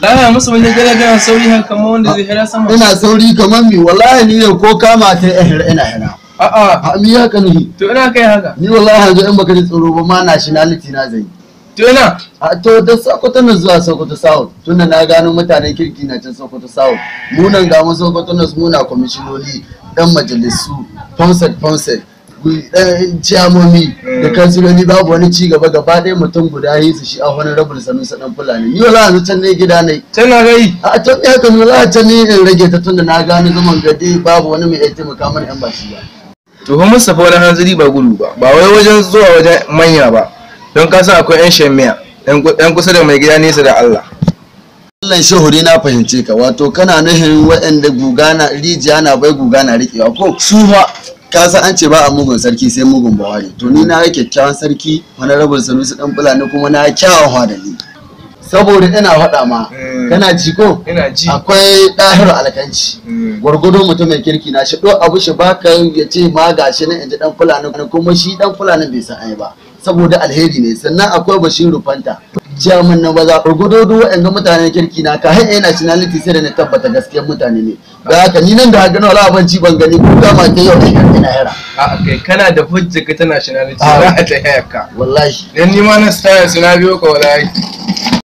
Lana ah. musu wani gada gana sauri haka kamar wanda zai hira sama. Ina sauri kamar mi wallahi ni yau ko kama ta yi hira ina hira. A'a. Mi haka ni. To ina kai haka. Ni wallahi hanzu in baka ji tsoro ba ma nationality na zai. To ina. A to da Sokoto na zuwa Sokoto South tunda na gano mutanen kirki na can Sokoto South. Mu nan ga mu Sokoto na muna kwamishinoli dan majalisu, Ponset Ponset. ciyamomi da kansiloli babu wani ci gaba gaba ɗaya mutum guda yi su shi a wani rabin sanin sanan fulani ni wala a can ne gida ne tana rai a can ya kan wala a can ne in rage ta tun da na gane zaman gadi babu wani mai iya taimaka mana yan bashi ba to fa Mustapha wani hanzari ba gudu ba ba wai wajen zuwa wajen manya ba don ka san akwai yan shamiya yan kusa da mai gida nesa da Allah Allah shahuri na fahimce ka wato kana nahin waɗanda guga na rijiya na bai guga na riƙewa ko su fa Kasa an ce ba a mugun sarki sai mugun Buhari, to ni na kyakkyawan sarki wani rabin sanusi dan fulani kuma na kyawawan hadali saboda ina faɗa ma hmm. kana ji ko akwai ɗahir alkanci hmm. gwargwado mai kirki na shi ɗo abu shi baka ya ce ma gashi na inji dan fulani kuma shi ɗan fulani bai san ai ba saboda alheri ne sannan akwai bashiru fanta chairman na ba zaɓar duk waɗanda mutanen kirki na ka hanyar nationality sai da na tabbata gaskiyar mutane ne da haka ni nan da haka gano wala ban ban gani ko ma ta yau ɗan na hira. a kai kana da hujja ta nationality za a ta ka wallahi dan ni ma na style suna biyo ka wallahi